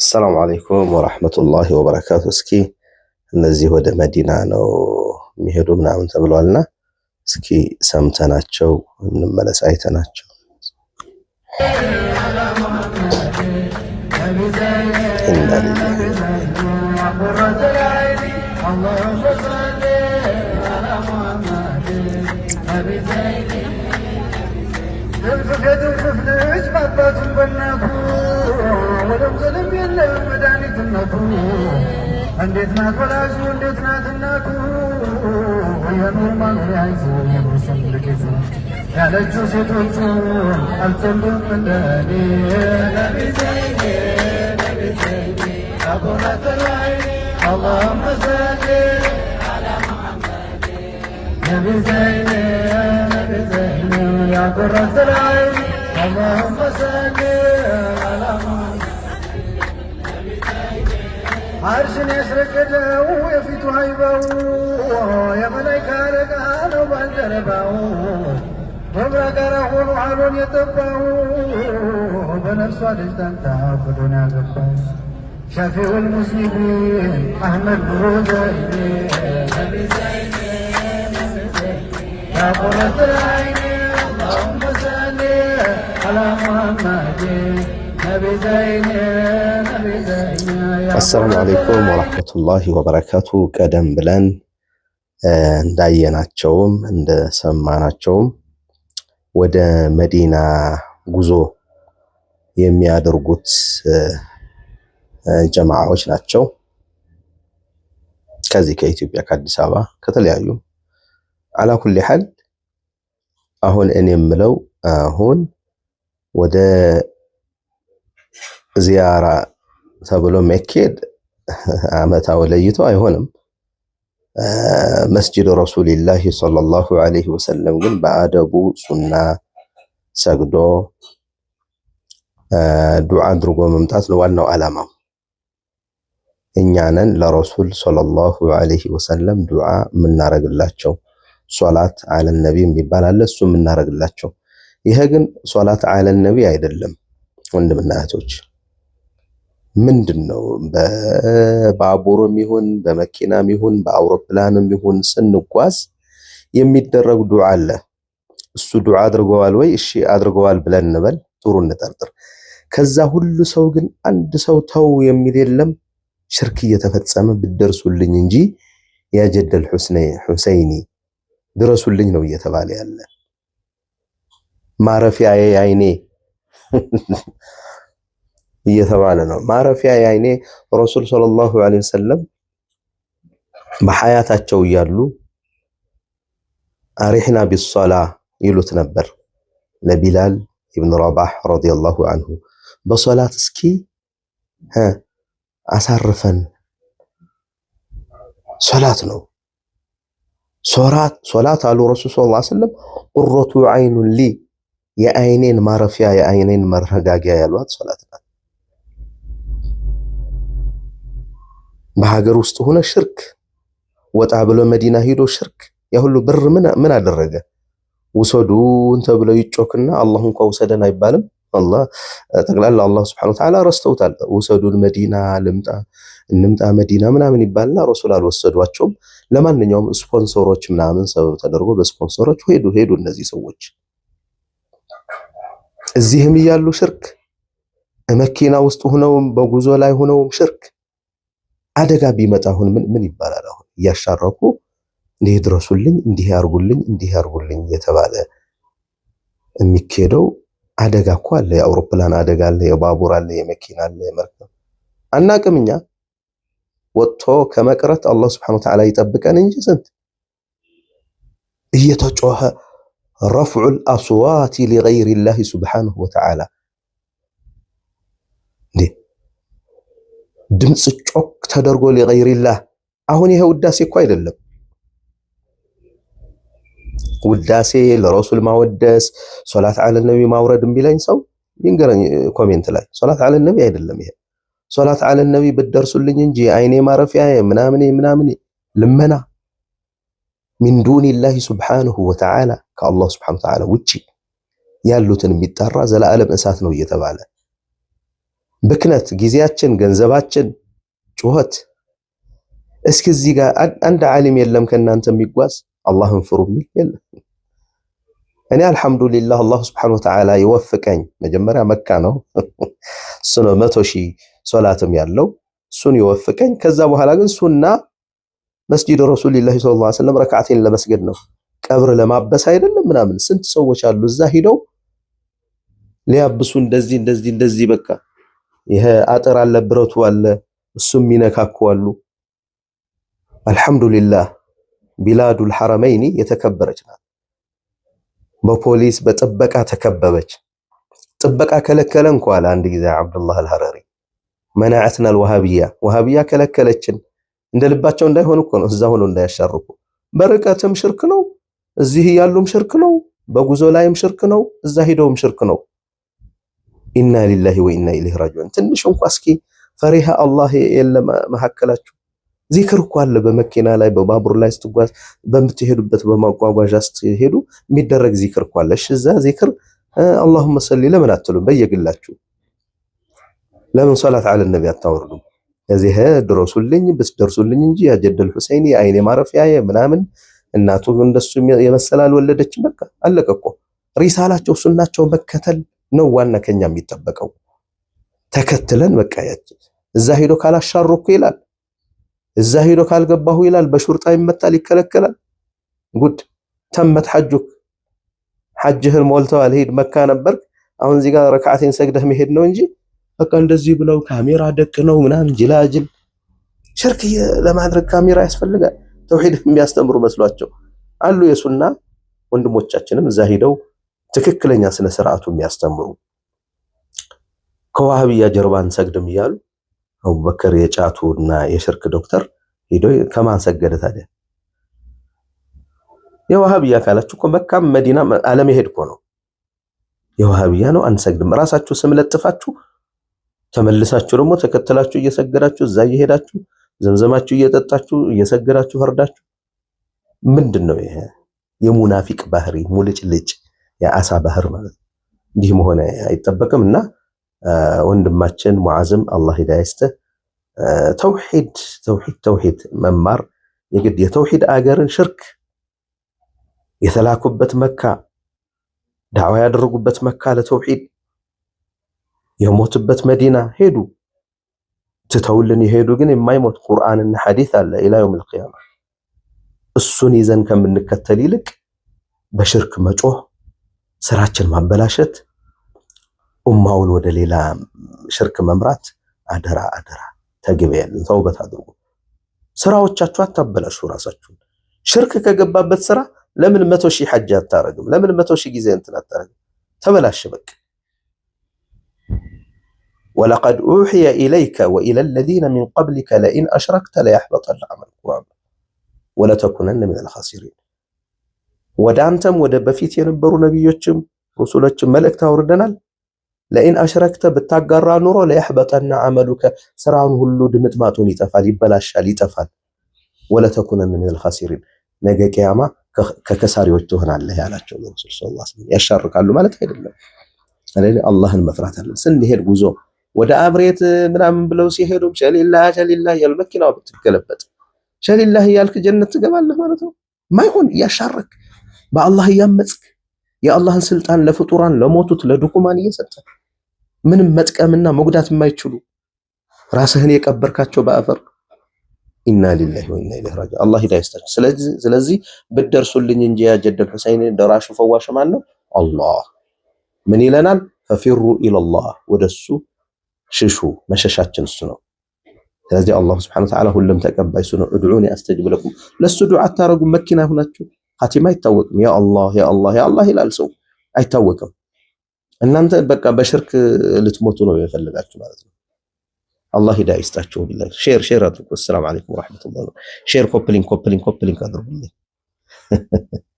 አሰላሙ አለይኩም ወራህመቱላሂ ወበረካቱ። እስኪ እነዚህ ወደ መዲና ነው የሚሄዱ ምናምን ተብሏልና እስኪ ሰምተናቸው እንመለስ፣ አይተናቸው የግፍ የግፍ ልጅ በአባቱም በእናቱ ወደም ዘለም የለም መድኃኒትነቱ። እንዴት ናት ወላጁ እንዴት ናት እናቱ? የኖር ማኖሪያ ይዞ የብሩስም ልቂቱ ያለችው ሴቶቹ አልጸሉም እንደኔ ነቢ ዘይኔ يا قرة العين اللهم صل على عرش يسرق له يفيت هيبه يا ملائكة رجعان وبندربه مبرك رهون وحال يتبه بنفسه تستمتع بدنا قبه شفيع المذنبين أحمد بروزي يا قرة العين አሰላሙ አሌይኩም ወረሕመቱላሂ ወበረካቱ። ቀደም ብለን እንዳየናቸውም እንደሰማናቸውም ወደ መዲና ጉዞ የሚያደርጉት ጀማዓዎች ናቸው። ከዚህ ከኢትዮጵያ ከአዲስ አበባ ከተለያዩ አላኩል ሐል አሁን እኔ የምለው አሁን ወደ ዚያራ ተብሎ መኬድ አመታው ለይቶ አይሆንም። መስጅድ ረሱልላህ ሰለላሁ ዐለይሂ ወሰለም ግን በአደቡ ሱና ሰግዶ ዱዓ አድርጎ መምጣት ነው ዋናው ዓላማው። እኛንን ለረሱል ሰለላሁ ዐለይሂ ወሰለም ዱዓ የምናረግላቸው ሶላት አለ ነቢ የሚባል እሱ የምናረግላቸው ይሄ ግን ሶላት አለ ነቢ አይደለም። ወንድምና እህቶች ምንድን ነው በባቡርም ይሁን በመኪናም ይሁን በአውሮፕላንም ይሁን ስንጓዝ የሚደረግ ዱዓ አለ። እሱ ዱዓ አድርገዋል ወይ? እሺ አድርገዋል ብለን እንበል፣ ጥሩ እንጠርጥር። ከዛ ሁሉ ሰው ግን አንድ ሰው ተው የሚል የለም። ሽርክ እየተፈጸመ ብደርሱልኝ እንጂ ያጀደል ሁሰይኒ ድረሱልኝ ነው እየተባለ ያለ ማረፊያዬ አይኔ እየተባለ ነው። ማረፊያ አይኔ ረሱል ሰለላሁ ዐለይሂ ወሰለም በሐያታቸው እያሉ አሪሕና ቢሶላ ይሉት ነበር ለቢላል ኢብኑ ረባህ ረዲየላሁ አንሁ በሶላት እስኪ አሳርፈን። ሶላት ነው ሶላት አሉ ረሱል ሰለላሁ ዐለይሂ ወሰለም ቁረቱ ዐይኑን ሊ የአይኔን ማረፊያ የአይኔን መረጋጊያ ያሏት ሶላት ናት። በሀገር ውስጥ ሆነ ሽርክ ወጣ ብሎ መዲና ሂዶ ሽርክ ያ ሁሉ ብር ምን አደረገ? ውሰዱን ተብለው ይጮክና አላህ እንኳ ውሰደን አይባልም። አላህ ጠቅላላ አላህ ሱብሓነሁ ወተዓላ ረስተውታል። ውሰዱን መዲና ልምጣ እንምጣ መዲና ምናምን ይባልና ረሱል አልወሰዷቸውም። ለማንኛውም ስፖንሰሮች ምናምን ሰበብ ተደርጎ በስፖንሰሮች ሄዱ ሄዱ እነዚህ ሰዎች እዚህም እያሉ ሽርክ፣ መኪና ውስጥ ሆነውም በጉዞ ላይ ሆነውም ሽርክ። አደጋ ቢመጣ አሁን ምን ምን ይባላል? አሁን እያሻረኩ እንዲህ ድረሱልኝ፣ እንዲህ ያርጉልኝ፣ እንዲህ ያርጉልኝ የተባለ የሚኬደው አደጋ እኮ አለ። የአውሮፕላን አደጋ አለ፣ የባቡር አለ፣ የመኪና አለ፣ የመርከብ አናቅም። እኛ ወጥቶ ከመቅረት አላህ ስብሐነሁ ወተዓላ ይጠብቀን እንጂ ስንት እየተጮኸ ረፍዑል አስዋቲ ሊገይሪላህ ሱብሓነሁ ወተዓላ ድምፅ ጮክ ተደርጎ ሊገይሪላህ። አሁን ይሄ ውዳሴ እኮ አይደለም። ውዳሴ ለረሱል ማወደስ ሶላት አለ ነቢ ማውረድ የሚለኝ ሰው ይንገረኝ ኮሜንት ላይ። ሶላት አለ ነቢ አይደለም ይሄ። ሶላት አለ ነቢ ብትደርሱልኝ እንጂ አይኔ ማረፊያ ምናምን ምናምን ልመና ሚን ዱኒላሂ ሱብሓነሁ ወተዓላ ከአላህ ሱብሓነሁ ወተዓላ ውጪ ያሉትን የሚጠራ ዘላለም እሳት ነው እየተባለ ብክነት፣ ጊዜያችን፣ ገንዘባችን፣ ጩኸት። እስከዚህ ጋር አንድ ዓሊም የለም ከእናንተ የሚጓዝ አላህን ፍሩ የሚል የለም። እኔ አልሐምዱሊላህ አላህ ሱብሓነሁ ወተዓላ ይወፍቀኝ። መጀመሪያ መካ ነው እሱ ነው መቶ ሺህ ሶላትም ያለው እሱን ይወፍቀኝ። ከዛ በኋላ ግን ሱና መስጂድ ረሱልላህ ሰለላሁ ዐለይሂ ወሰለም ረካዓቴን ለመስገድ ነው፣ ቀብር ለማበስ አይደለም ምናምን። ስንት ሰዎች አሉ እዛ ሂደው ሊያብሱ እንደዚህ እንደዚህ እንደዚህ በቃ ይሄ አጥር አለ ብረቱ አለ እሱም ይነካኩ አሉ። አልሐምዱሊላህ ቢላዱል ሐረመይኒ የተከበረች ናት። በፖሊስ በጥበቃ ተከበበች። ጥበቃ ከለከለ እንኳን አንድ ጊዜ አብዱላህ አልሐረሪ መናዓትናል ወሃብያ ወሃብያ ከለከለችን እንደ ልባቸው እንዳይሆን እኮ ነው። እዛ ሆኖ እንዳያሻርኩ። በርቀትም ሽርክ ነው፣ እዚህ ያሉም ሽርክ ነው፣ በጉዞ ላይም ሽርክ ነው፣ እዛ ሂደውም ሽርክ ነው። ኢና ሊላሂ ወኢና ኢለይሂ ራጂዑን። ትንሽ እንኳ እስኪ ፈሪሃ አላህ የለ መሀከላችሁ ዚክር እኮ አለ በመኪና ላይ በባቡር ላይ ስትጓዝ፣ በምትሄዱበት በማጓጓዣ ስትሄዱ የሚደረግ ዚክር እኮ አለ። እዛ ዚክር አላሁመ ሰሊ ለምን አትሉም? በየግላችሁ ለምን ሶላት አለ ነቢ አታወርዱም? እዚህ ድረሱልኝ ብትደርሱልኝ እንጂ ያጀደል ሁሴይን አይኔ ማረፊያ ምናምን እናቱ እንደሱ የመሰለ አልወለደችም። በቃ አለቀ እኮ። ሪሳላቸው ሱናቸው መከተል ነው ዋና ከኛ የሚጠበቀው። ተከትለን በቃ ያች እዛ ሄዶ ካላሻሮኩ ይላል፣ እዛ ሄዶ ካልገባሁ ይላል፣ በሹርጣ ይመታል፣ ይከለከላል። ጉድ ተመት ሐጁክ ሐጅህን ሞልተዋል። ሄድ መካ ነበርክ፣ አሁን እዚህ ጋር ረካዓቴን ሰግደህ መሄድ ነው እንጂ በቃ እንደዚህ ብለው ካሜራ ደቅ ነው ምናምን ጅላጅል ሽርክ ለማድረግ ካሜራ ያስፈልጋል። ተውሂድ የሚያስተምሩ መስሏቸው አሉ። የሱና ወንድሞቻችንም እዛ ሂደው ትክክለኛ ስነ ስርዓቱ የሚያስተምሩ ከዋህብያ ጀርባ አንሰግድም እያሉ አቡበከር የጫቱ እና የሽርክ ዶክተር ሂደው ከማን ሰገደ ታዲያ? የዋህብያ ካላችሁ እኮ መካም መዲና አለመሄድ እኮ ነው። የዋህብያ ነው አንሰግድም። ራሳችሁ ስም ለጥፋችሁ ተመልሳችሁ ደግሞ ተከተላችሁ እየሰገዳችሁ እዛ እየሄዳችሁ ዘምዘማችሁ እየጠጣችሁ እየሰገዳችሁ ፈርዳችሁ ምንድን ነው ይሄ? የሙናፊቅ ባህሪ ሙልጭልጭ፣ የአሳ ባህር ማለት እንዲህ መሆነ አይጠበቅም። እና ወንድማችን ሙዓዝም አላህ ሂዳያ ይስጥህ። ተውሂድ ተውሂድ ተውሂድ መማር የግድ የተውሂድ አገርን ሽርክ የተላኩበት መካ ዳዕዋ ያደረጉበት መካ ለተውሂድ የሞትበት መዲና ሄዱ። ትተውልን የሄዱ ግን የማይሞት ቁርአንና ሐዲስ አለ ኢላ የውመል እሱን ይዘን ከምንከተል ይልቅ በሽርክ መጮህ፣ ስራችን ማበላሸት፣ ኡማውን ወደ ሌላ ሽርክ መምራት አደራ አደራ ተግበያልን። ተውበት አድርጉ። ስራዎቻችሁ አታበላሹ ራሳችሁን። ሽርክ ከገባበት ስራ ለምን መቶ ሺህ ሐጅ አታረግም? ለምን መቶ ሺህ ጊዜ እንትን አታረግም? ተበላሽ በቃ። ወለቀድ ኡሕየ ኢለይከ ወኢለ ለዚነ ሚን ቀብሊከ ለኢን አሽረክተ ለያሕበጠነ ዐመሉከ ወለተኩነነ ሚነል ኻሲሪን። ወደ አንተም ወደ በፊት የነበሩ ነቢዮችም ሩሱሎችም መልእክት አውርደናል። ለኢን አሽረክተ ብታጋራ ኑሮ ለያሕበጠነ ዐመሉከ ስራውን ሁሉ ድምጥማጡን ይጠፋል፣ ይበላሻል፣ ይጠፋል። ወለተኩነነ ሚነል ኻሲሪን ነገ ቅያማ ከከሳሪዎች ትሆናለህ ያላቸው ረሱል ያሻርካሉ ማለት አይደለም። አላህን መፍራት አለን ስንሄድ ጉዞ ወደ አብሬት ምናምን ብለው ሲሄዱ ሸሊላ ሸሊላ እያሉ መኪናው ብትገለበጥ ሸሊላ እያልክ ጀነት ትገባለህ ማለት ነው። ማይሆን እያሻረክ በአላህ እያመጽክ የአላህን ስልጣን ለፍጡራን ለሞቱት ለድኩማን እየሰጠ ምንም መጥቀምና መጉዳት የማይችሉ ራስህን የቀበርካቸው በአፈር ኢና ሊላሂ ወኢና ኢለይሂ ራጂዑን። አላህ ሂዳያ ይስጣችሁ። ስለዚህ ብትደርሱልኝ እንጂ ያ ጀደል ሁሰይን ደራሹ ፈዋሽ ማን ነው? አላህ ምን ይለናል? ፈፊሩ ኢለላህ ወደሱ ሽሹ መሸሻችን እሱ ነው። ስለዚህ አላሁ ስብሐነሁ ወተዓላ ሁሉም ተቀባይ እሱ ነው። እድዑኒ አስተጅብ ለኩም ለሱ ዱዓ አታረጉም። መኪና ሁናችሁ ሀቲማ አይታወቅም። ያ አላህ ያ አላህ ያ አላህ ይላል ሰው አይታወቅም። እናንተ በቃ በሽርክ ልትሞቱ ነው የፈለጋችሁ ማለት ነው። አላህ ሂዳ ይስጣችሁ። ቢላ ሼር ሼር አድርጉ። ሰላም አለይኩም ወራህመቱላሂ ሼር ኮፕሊንግ ኮፕሊንግ ኮፕሊንግ አድርጉልኝ።